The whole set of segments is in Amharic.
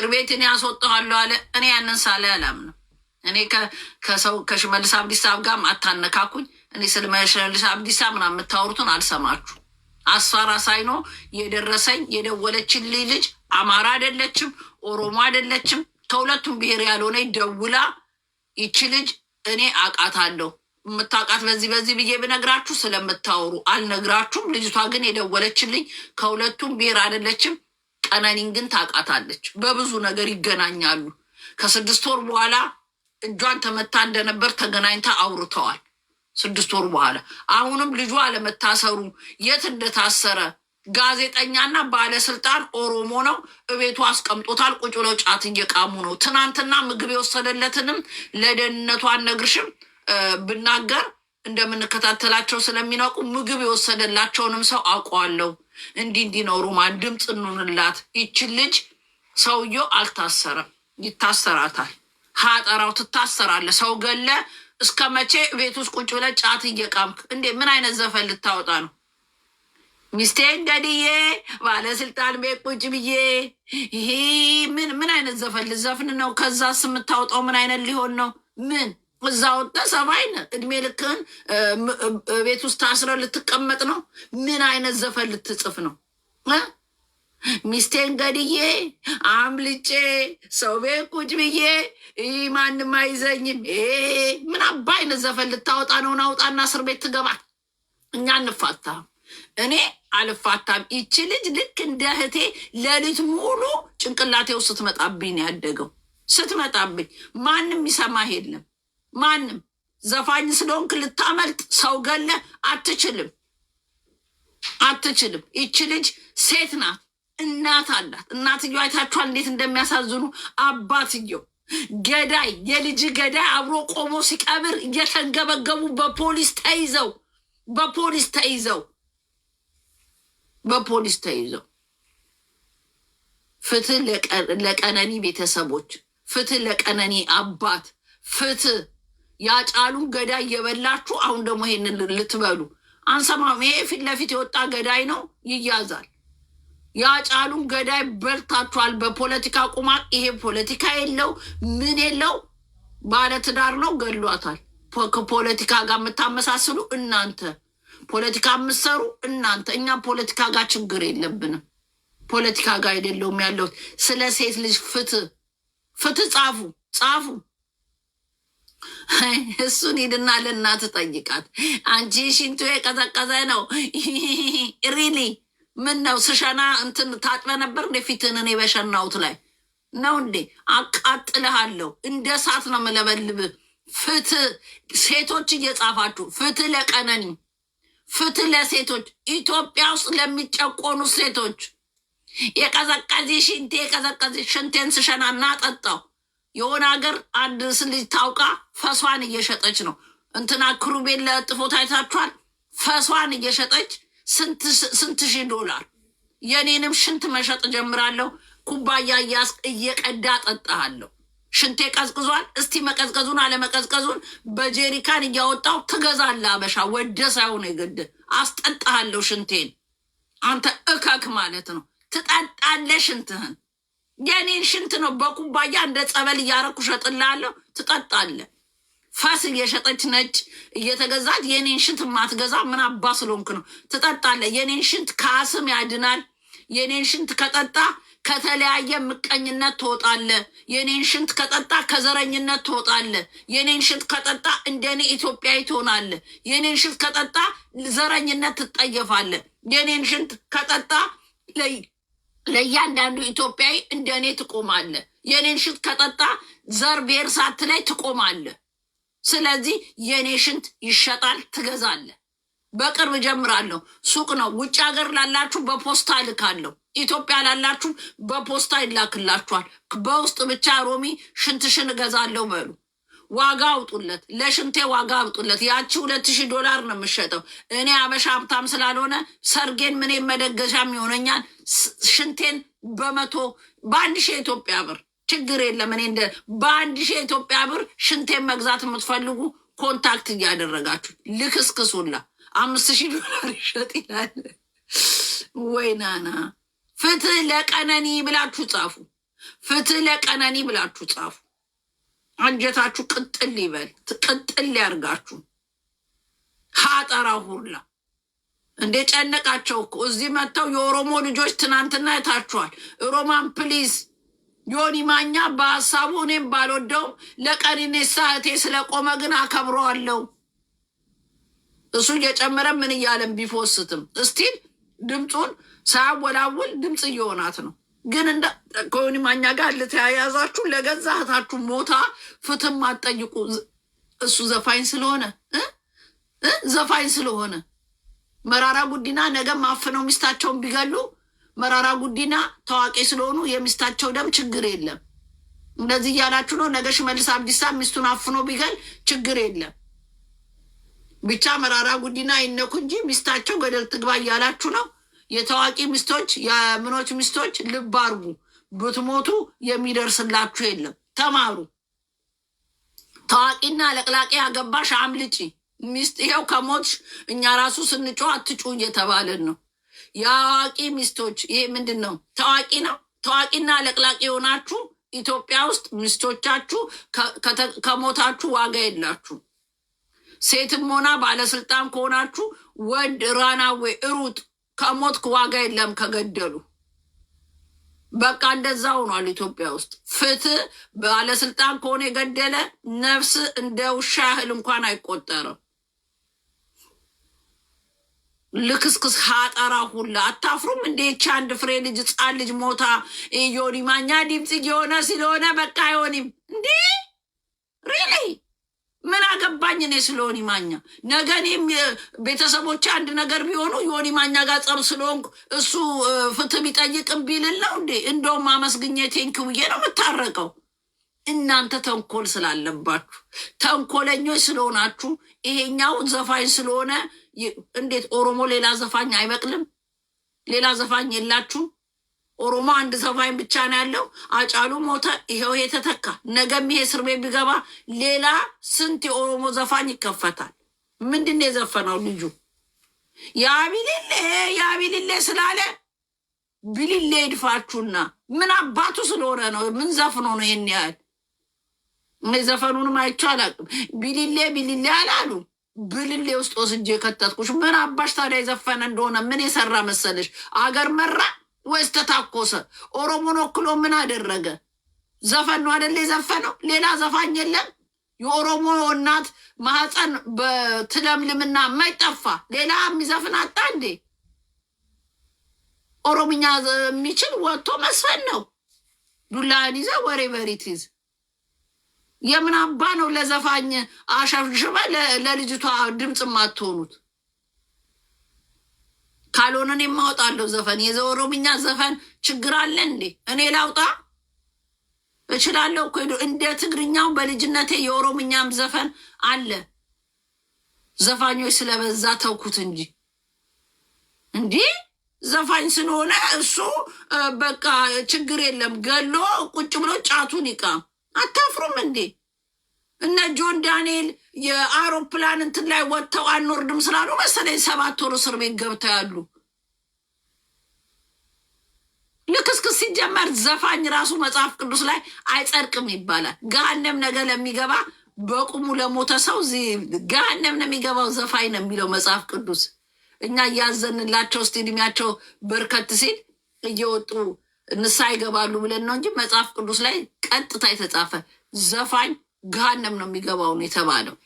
ምክር ቤት እኔ አስወጣዋለሁ አለ። እኔ ያንን ሳለ አላምንም። እኔ ከሰው ከሽመልስ አብዲሳብ ጋር አታነካኩኝ። እኔ ስለ ሽመልስ አብዲሳ ምናምን የምታወሩትን አልሰማችሁ። አስፋራ ሳይኖ የደረሰኝ የደወለችልኝ ልጅ አማራ አይደለችም፣ ኦሮሞ አይደለችም፣ ከሁለቱም ብሔር ያልሆነ ደውላ ይቺ ልጅ እኔ አውቃታለሁ የምታውቃት በዚህ በዚህ ብዬ ብነግራችሁ ስለምታወሩ አልነግራችሁም። ልጅቷ ግን የደወለችልኝ ከሁለቱም ብሔር አይደለችም ቀነኒን ግን ታውቃታለች። በብዙ ነገር ይገናኛሉ። ከስድስት ወር በኋላ እጇን ተመታ እንደነበር ተገናኝታ አውርተዋል። ስድስት ወር በኋላ አሁንም ልጇ አለመታሰሩ የት እንደታሰረ ጋዜጠኛና ባለስልጣን ኦሮሞ ነው። እቤቱ አስቀምጦታል። ቁጭ ብለው ጫት እየቃሙ ነው። ትናንትና ምግብ የወሰደለትንም ለደህንነቱ አልነግርሽም ብናገር እንደምንከታተላቸው ስለሚናውቁ ምግብ የወሰደላቸውንም ሰው አውቀዋለሁ። እንዲህ እንዲህ ነው ሩማን ድምፅ ይችን ልጅ ሰውየው አልታሰረም፣ ይታሰራታል። ሀጠራው ትታሰራለ። ሰው ገለ እስከ መቼ ቤት ውስጥ ቁጭ ብለ ጫት እየቃምክ እንዴ? ምን አይነት ዘፈን ልታወጣ ነው? ሚስቴ እንደድዬ ባለስልጣን ቤት ቁጭ ብዬ ይሄ ምን ምን አይነት ዘፈን ልዘፍን ነው? ከዛስ የምታወጣው ምን አይነት ሊሆን ነው? ምን እዛ ወጣ ሰባይ እድሜ ልክህን ቤት ውስጥ ታስረ ልትቀመጥ ነው? ምን አይነት ዘፈን ልትጽፍ ነው? ሚስቴን ገድዬ አምልጬ ሰው ቤት ቁጭ ብዬ ማንም አይዘኝም። ምን አባ አይነት ዘፈን ልታወጣ ነው? ናውጣና እስር ቤት ትገባ። እኛ አንፋታም። እኔ አልፋታም። ይቺ ልጅ ልክ እንደ እህቴ ሌሊት ሙሉ ጭንቅላቴ ውስጥ ስትመጣብኝ ያደገው። ስትመጣብኝ ማንም ይሰማህ የለም ማንም ዘፋኝ ስለሆንክ ልታመልጥ ሰው ገለ አትችልም፣ አትችልም። ይቺ ልጅ ሴት ናት፣ እናት አላት። እናትየው አይታችኋል እንዴት እንደሚያሳዝኑ። አባትየው ገዳይ፣ የልጅ ገዳይ አብሮ ቆሞ ሲቀብር እየተንገበገቡ በፖሊስ ተይዘው በፖሊስ ተይዘው በፖሊስ ተይዘው። ፍትህ ለቀነኒ ቤተሰቦች፣ ፍትህ ለቀነኒ አባት፣ ፍትህ ያጫሉን ገዳይ እየበላችሁ አሁን ደግሞ ይሄንን ልትበሉ አንሰማም። ይሄ ፊት ለፊት የወጣ ገዳይ ነው፣ ይያዛል። ያጫሉን ገዳይ በልታችኋል። በፖለቲካ ቁማር ይሄ ፖለቲካ የለው ምን የለው ባለትዳር ነው፣ ገድሏታል። ከፖለቲካ ጋር የምታመሳስሉ እናንተ ፖለቲካ የምትሰሩ እናንተ። እኛ ፖለቲካ ጋር ችግር የለብንም። ፖለቲካ ጋር አይደለውም ያለሁት። ስለ ሴት ልጅ ፍትህ ፍትህ ጻፉ ጻፉ። እሱን ሂድና ለእናት ጠይቃት። አንቺ ሽንቱ የቀዘቀዘ ነው ሪሊ? ምን ነው ስሸና እንትን ታጥበ ነበር እንደ ፊትን እኔ በሸናውት ላይ ነው እንዴ? አቃጥልሃለሁ። እንደ እሳት ነው ምለበልብ ፍትህ ሴቶች እየጻፋችሁ ፍትህ ለቀነኒ፣ ፍትህ ለሴቶች ኢትዮጵያ ውስጥ ለሚጨቆኑ ሴቶች። የቀዘቀዚ ሽንቴ የቀዘቀዚ ሽንቴን ስሸና እናጠጣው የሆነ ሀገር አንድ ስልጅ ታውቃ ፈሷን እየሸጠች ነው። እንትና ክሩቤን ለጥፎ ታይታችኋል። ፈሷን እየሸጠች ስንት ሺህ ዶላር። የኔንም ሽንት መሸጥ ጀምራለሁ። ኩባያ እያስ እየቀዳ ጠጣሃለሁ። ሽንቴ ቀዝቅዟል። እስቲ መቀዝቀዙን አለመቀዝቀዙን በጄሪካን እያወጣው ትገዛለህ። አበሻ ወደ ሳይሆን የግድ አስጠጣሃለሁ። ሽንቴን አንተ እከክ ማለት ነው። ትጠጣለህ ሽንትህን የኔን ሽንት ነው በኩባያ እንደ ጸበል እያረኩ ሸጥላለሁ። ትጠጣለ ፈስ እየሸጠች ነጭ እየተገዛት የኔን ሽንት ማትገዛ ምን አባ ስለሆንክ ነው? ትጠጣለ የኔን ሽንት ከአስም ያድናል። የኔን ሽንት ከጠጣ ከተለያየ ምቀኝነት ትወጣለ። የኔን ሽንት ከጠጣ ከዘረኝነት ትወጣለ። የኔን ሽንት ከጠጣ እንደኔ ኢትዮጵያዊ ትሆናለ። የኔን ሽንት ከጠጣ ዘረኝነት ትጠየፋለ። የኔን ሽንት ከጠጣ ለእያንዳንዱ ኢትዮጵያዊ እንደ እኔ ትቆማለ። የእኔን ሽንት ከጠጣ ዘር ብሔር ላይ ትቆማለ። ስለዚህ የእኔ ሽንት ይሸጣል፣ ትገዛለ። በቅርብ ጀምራለሁ። ሱቅ ነው። ውጭ ሀገር ላላችሁ በፖስታ እልካለሁ። ኢትዮጵያ ላላችሁ በፖስታ ይላክላችኋል። በውስጥ ብቻ ሮሚ ሽንትሽን እገዛለሁ በሉ። ዋጋ አውጡለት፣ ለሽንቴ ዋጋ አውጡለት። ያቺ ሁለት ሺህ ዶላር ነው የምሸጠው። እኔ አበሻ ሀብታም ስላልሆነ ሰርጌን ምን መደገሻም የሚሆነኛል ሽንቴን በመቶ በአንድ ሺህ የኢትዮጵያ ብር ችግር የለም። እኔ እንደ በአንድ ሺህ የኢትዮጵያ ብር ሽንቴን መግዛት የምትፈልጉ ኮንታክት እያደረጋችሁ ልክስክሱላ አምስት ሺህ ዶላር ይሸጥ ይላል ወይ ናና። ፍትህ ለቀነኒ ብላችሁ ጻፉ። ፍትህ ለቀነኒ ብላችሁ ጻፉ። አንጀታችሁ ቅጥል ይበል፣ ቅጥል ያርጋችሁ። ከአጠራ ሁላ እንዴ ጨነቃቸው እኮ እዚህ መጥተው የኦሮሞ ልጆች ትናንትና አይታችኋል። ሮማን ፕሊዝ ዮኒ ማኛ በሀሳቡ እኔም ባልወደው ለቀሪኔ ሳህቴ ስለቆመ ግን አከብረዋለሁ። እሱ እየጨመረ ምን እያለን ቢፎስትም እስቲል ድምፁን ሳያወላውል ድምፅ እየሆናት ነው። ግን እንደ ከሆኒ ማኛ ጋር ልተያያዛችሁ ለገዛ እህታችሁ ሞታ ፍትህ ማትጠይቁ እሱ ዘፋኝ ስለሆነ ዘፋኝ ስለሆነ መራራ ጉዲና ነገ ማፍነው ሚስታቸውን ቢገሉ መራራ ጉዲና ታዋቂ ስለሆኑ የሚስታቸው ደም ችግር የለም። እንደዚህ እያላችሁ ነው። ነገ ሽመልስ አብዲሳ ሚስቱን አፍኖ ቢገል ችግር የለም። ብቻ መራራ ጉዲና ይነኩ እንጂ ሚስታቸው ገደል ትግባ እያላችሁ ነው። የታዋቂ ሚስቶች የምኖች ሚስቶች ልብ አርጉ፣ ብትሞቱ የሚደርስላችሁ የለም። ተማሩ። ታዋቂና ለቅላቂ አገባሽ አምልጪ ሚስት ይኸው ከሞትሽ እኛ ራሱ ስንጮ አትጩ እየተባለን ነው። የአዋቂ ሚስቶች ይሄ ምንድን ነው? ታዋቂ ነው። ታዋቂና ለቅላቂ የሆናችሁ ኢትዮጵያ ውስጥ ሚስቶቻችሁ ከሞታችሁ ዋጋ የላችሁ። ሴትም ሆና ባለስልጣን ከሆናችሁ ወንድ ራናዌ እሩጥ። ከሞትክ ዋጋ የለም ከገደሉ በቃ እንደዛ ሆኗል። ኢትዮጵያ ውስጥ ፍትህ ባለስልጣን ከሆነ የገደለ ነፍስ እንደ ውሻ ያህል እንኳን አይቆጠርም። ልክስክስ ሀጠራ ሁላ አታፍሩም? እንዴች አንድ ፍሬ ልጅ ሕፃን ልጅ ሞታ ዮኒ ማኛ ድምፅ የሆነ ስለሆነ በቃ አይሆንም እንዴ? ምን አገባኝ እኔ ስለ ዮኒ ማኛ። ነገ እኔም ቤተሰቦች አንድ ነገር ቢሆኑ ዮኒ ማኛ ጋር ጸብ ስለሆንኩ እሱ ፍትህ ቢጠይቅም ቢልል ነው እንዴ? እንደውም አመስግኜ ቴንኪ ብዬ ነው የምታረቀው። እናንተ ተንኮል ስላለባችሁ ተንኮለኞች ስለሆናችሁ ይሄኛው ዘፋኝ ስለሆነ እንዴት ኦሮሞ ሌላ ዘፋኝ አይበቅልም? ሌላ ዘፋኝ የላችሁ ኦሮሞ አንድ ሰፋኝ ብቻ ነው ያለው። አጫሉ ሞተ፣ ይኸው የተተካ። ነገም ይሄ እስር ቤት ቢገባ ሌላ ስንት የኦሮሞ ዘፋኝ ይከፈታል። ምንድን የዘፈነው ልጁ? የአቢልሌ የአቢልሌ ስላለ ቢልሌ ይድፋችሁና ምን አባቱ ስለሆነ ነው? ምን ዘፍኖ ነው ይህን ያህል? ዘፈኑንም አይቼው አላውቅም። ቢልሌ ቢልሌ አላሉ ብልሌ ውስጥ ወስጄ የከተትኩሽ ምን አባሽ ታዲያ የዘፈነ እንደሆነ ምን የሰራ መሰለሽ? አገር መራ ወይስ ተታኮሰ? ኦሮሞን ወክሎ ምን አደረገ? ዘፈን ነው አደለ የዘፈነው? ሌላ ዘፋኝ የለም። የኦሮሞ እናት ማህፀን በትለምልምና የማይጠፋ ሌላ የሚዘፍን አጣ እንዴ? ኦሮምኛ የሚችል ወጥቶ መስፈን ነው። ዱላን ይዘ ወሬ በሪት ይዝ የምን አባ ነው ለዘፋኝ አሸብሽበ ለልጅቷ ድምፅ ማትሆኑት? ካልሆነ እኔ የማወጣለሁ ዘፈን የኦሮምኛ ዘፈን ችግር አለ እንዴ? እኔ ላውጣ እችላለሁ እኮ እንደ ትግርኛው በልጅነቴ የኦሮምኛም ዘፈን አለ። ዘፋኞች ስለበዛ ተውኩት እንጂ እንዲህ ዘፋኝ ስለሆነ እሱ በቃ ችግር የለም። ገሎ ቁጭ ብሎ ጫቱን ይቃም። አታፍሩም እንዴ? እነ ጆን ዳንኤል የአውሮፕላን እንትን ላይ ወጥተው አንወርድም ስላሉ መሰለኝ ሰባት ወር እስር ቤት ገብተው ያሉ። ልክስክስ ሲጀመር ዘፋኝ ራሱ መጽሐፍ ቅዱስ ላይ አይጸድቅም ይባላል። ገሃነም ነገ ለሚገባ በቁሙ ለሞተ ሰው ገሃነም ነው የሚገባው ዘፋኝ ነው የሚለው መጽሐፍ ቅዱስ። እኛ እያዘንላቸው እስቲ እድሜያቸው በርከት ሲል እየወጡ ንሳ ይገባሉ ብለን ነው እንጂ መጽሐፍ ቅዱስ ላይ ቀጥታ የተጻፈ ዘፋኝ ገሃነም ነው የሚገባውን የተባለው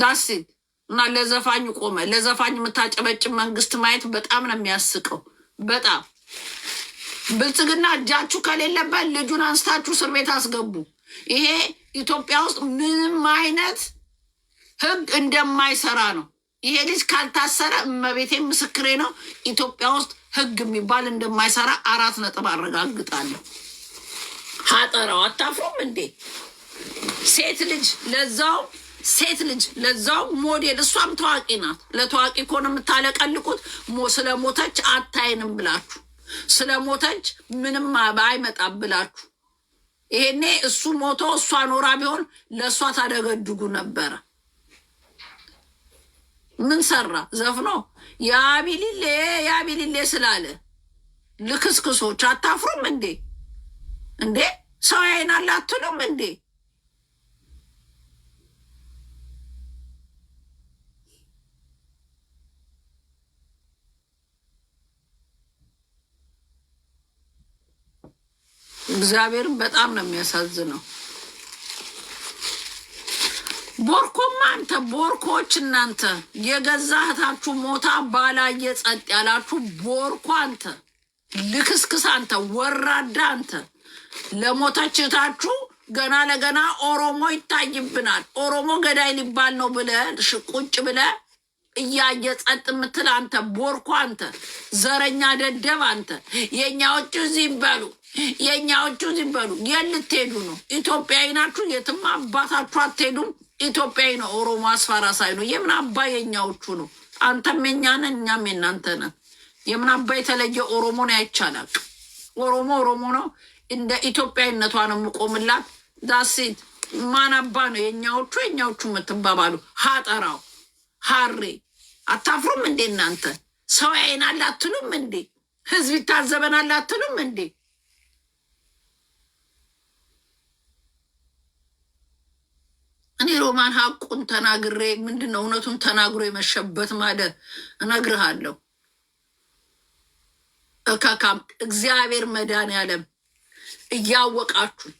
ዳሴት እና ለዘፋኝ ቆመ። ለዘፋኝ የምታጨበጭብ መንግስት ማየት በጣም ነው የሚያስቀው። በጣም ብልጽግና እጃችሁ ከሌለበት ልጁን አንስታችሁ እስር ቤት አስገቡ። ይሄ ኢትዮጵያ ውስጥ ምንም አይነት ህግ እንደማይሰራ ነው። ይሄ ልጅ ካልታሰረ እመቤቴ ምስክሬ ነው፣ ኢትዮጵያ ውስጥ ህግ የሚባል እንደማይሰራ አራት ነጥብ አረጋግጣለሁ። ካጠራው አታፍሩም እንዴ? ሴት ልጅ ለዛው ሴት ልጅ ለዛው ሞዴል፣ እሷም ታዋቂ ናት። ለታዋቂ እኮ የምታለቀልቁት። ስለ ሞተች አታይንም ብላችሁ፣ ስለ ሞተች ምንም አይመጣም ብላችሁ ይሄኔ እሱ ሞቶ እሷ ኖራ ቢሆን ለእሷ ታደገድጉ ነበረ። ምን ሰራ ዘፍኖ የአቢሊሌ የአቢሊሌ ስላለ ልክስክሶች አታፍሩም እንዴ? እንዴ ሰው አለ አትሉም እንዴ? እግዚአብሔርን በጣም ነው የሚያሳዝነው። ቦርኮማ አንተ ቦርኮች እናንተ የገዛ እህታችሁ ሞታ ባላየ ጸጥ ያላችሁ ቦርኮ አንተ ልክስክስ አንተ ወራዳ አንተ ለሞተችታችሁ ገና ለገና ኦሮሞ ይታይብናል፣ ኦሮሞ ገዳይ ሊባል ነው ብለህ ቁጭ ብለህ እያየ ጸጥ የምትል አንተ ቦርኮ፣ አንተ ዘረኛ ደደብ፣ አንተ የእኛዎቹ እዚህ ይበሉ፣ የእኛዎቹ እዚህ ይበሉ። የት ልትሄዱ ነው? ኢትዮጵያዊ ናችሁ፣ የትም አባታችሁ አትሄዱም። ኢትዮጵያዊ ነው ኦሮሞ አስፋራ ሳይ ነው። የምን አባ የእኛዎቹ ነው? አንተም የእኛ ነን፣ እኛም የእናንተ ነን። የምን አባ የተለየ ኦሮሞ ነው ያይቻላል። ኦሮሞ ኦሮሞ ነው። እንደ ኢትዮጵያዊነቷ ነው የምቆምላት። ዳሴት ማናባ ነው የኛዎቹ የኛዎቹ የምትባባሉ ሀጠራው ሀሬ አታፍሩም እንዴ እናንተ? ሰው አይን አላትሉም እንዴ? ህዝብ ይታዘበን አላትሉም እንዴ? እኔ ሮማን ሀቁን ተናግሬ ምንድን ነው እውነቱን ተናግሮ የመሸበት ማለት እነግርሃለሁ። እከካም እግዚአብሔር መድኃኔዓለም እያወቃችሁ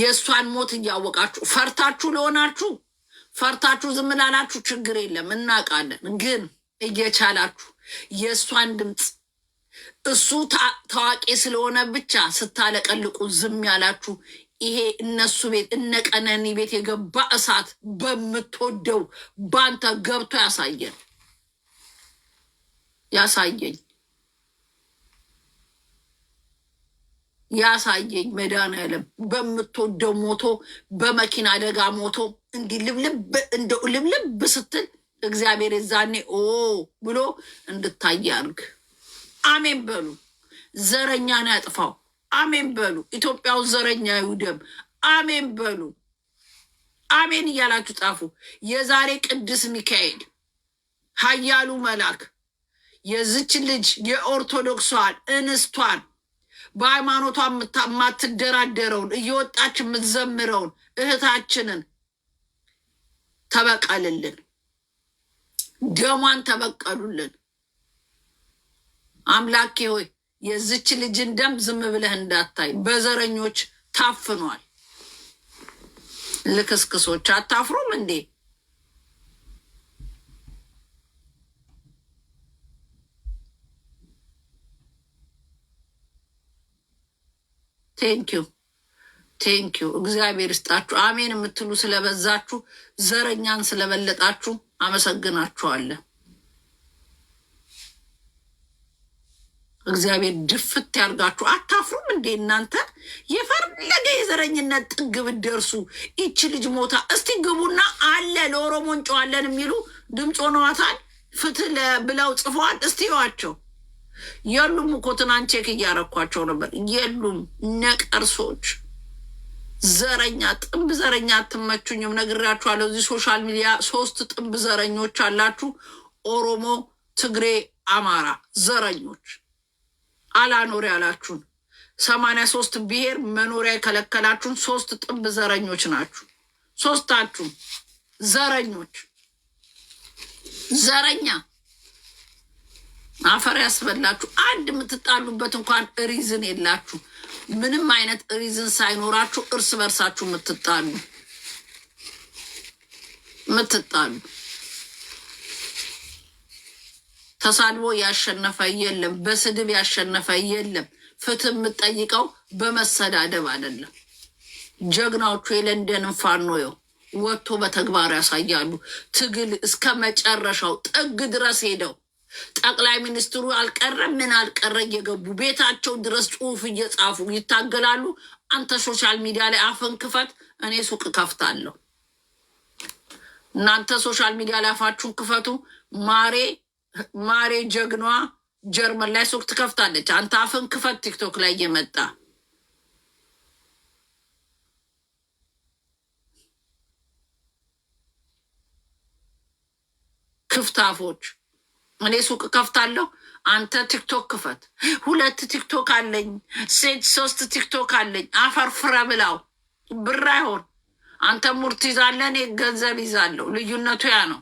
የእሷን ሞት እያወቃችሁ ፈርታችሁ ለሆናችሁ ፈርታችሁ ዝም ላላችሁ ችግር የለም እናውቃለን። ግን እየቻላችሁ የእሷን ድምፅ እሱ ታዋቂ ስለሆነ ብቻ ስታለቀልቁ ዝም ያላችሁ ይሄ እነሱ ቤት እነ ቀነኒ ቤት የገባ እሳት በምትወደው ባንተ ገብቶ ያሳየን ያሳየኝ ያሳየኝ መድኃኒዓለም በምትወደው ሞቶ በመኪና አደጋ ሞቶ እንዲህ ልብልብ እንደ ልብልብ ስትል እግዚአብሔር የዛኔ ኦ ብሎ እንድታይ አርግ። አሜን በሉ። ዘረኛን ያጥፋው። አሜን በሉ። ኢትዮጵያው ዘረኛ ይውደም። አሜን በሉ። አሜን እያላችሁ ጻፉ። የዛሬ ቅዱስ ሚካኤል ኃያሉ መልአክ የዝች ልጅ የኦርቶዶክሷን እንስቷን በሃይማኖቷ የማትደራደረውን እየወጣች የምትዘምረውን እህታችንን ተበቀልልን፣ ደሟን ተበቀሉልን። አምላኬ ሆይ የዚች ልጅን ደም ዝም ብለህ እንዳታይ። በዘረኞች ታፍኗል። ልክስክሶች አታፍሩም እንዴ? ቴንኪዩ ቴንኪዩ እግዚአብሔር ይስጣችሁ። አሜን የምትሉ ስለበዛችሁ፣ ዘረኛን ስለበለጣችሁ አመሰግናችኋለን። እግዚአብሔር ድፍት ያርጋችሁ። አታፍሩም እንዴ እናንተ? የፈለገ የዘረኝነት ጥግ ብትደርሱ ይቺ ልጅ ሞታ እስቲ ግቡና አለ ለኦሮሞ እንጨዋለን የሚሉ ድምፅ ሆነዋታል። ፍትህ ብለው ጽፈዋል። እስቲ ይዋቸው የሉም እኮ ትናንት ቼክ እያረኳቸው ነበር። የሉም ነቀርሶች፣ ዘረኛ ጥንብ ዘረኛ አትመቹኝም፣ ነግሬያችኋለሁ። እዚህ ሶሻል ሚዲያ ሶስት ጥንብ ዘረኞች አላችሁ፣ ኦሮሞ፣ ትግሬ፣ አማራ ዘረኞች። አላኖር ያላችሁን ሰማንያ ሶስት ብሔር መኖሪያ የከለከላችሁን ሶስት ጥንብ ዘረኞች ናችሁ። ሶስታችሁ ዘረኞች ዘረኛ አፈር ያስበላችሁ። አንድ የምትጣሉበት እንኳን ሪዝን የላችሁ። ምንም አይነት ሪዝን ሳይኖራችሁ እርስ በርሳችሁ የምትጣሉ የምትጣሉ ተሳድቦ ያሸነፈ የለም። በስድብ ያሸነፈ የለም። ፍትህ የምጠይቀው በመሰዳደብ አይደለም። ጀግናዎቹ የለንደንን ፋኖ የው ወጥቶ በተግባር ያሳያሉ። ትግል እስከ መጨረሻው ጥግ ድረስ ሄደው ጠቅላይ ሚኒስትሩ አልቀረ ምን አልቀረ እየገቡ ቤታቸው ድረስ ጽሁፍ እየጻፉ ይታገላሉ። አንተ ሶሻል ሚዲያ ላይ አፍን ክፈት፣ እኔ ሱቅ ከፍታለሁ። እናንተ ሶሻል ሚዲያ ላይ አፋችሁን ክፈቱ። ማሬ ማሬ ጀግኗ ጀርመን ላይ ሱቅ ትከፍታለች። አንተ አፍን ክፈት። ቲክቶክ ላይ እየመጣ ክፍታፎች እኔ ሱቅ ከፍታለሁ፣ አንተ ቲክቶክ ክፈት። ሁለት ቲክቶክ አለኝ፣ ሴት ሶስት ቲክቶክ አለኝ። አፈርፍረ ብላው ብር አይሆን። አንተ ሙርት ይዛለ እኔ ገንዘብ ይዛለሁ። ልዩነቱ ያ ነው።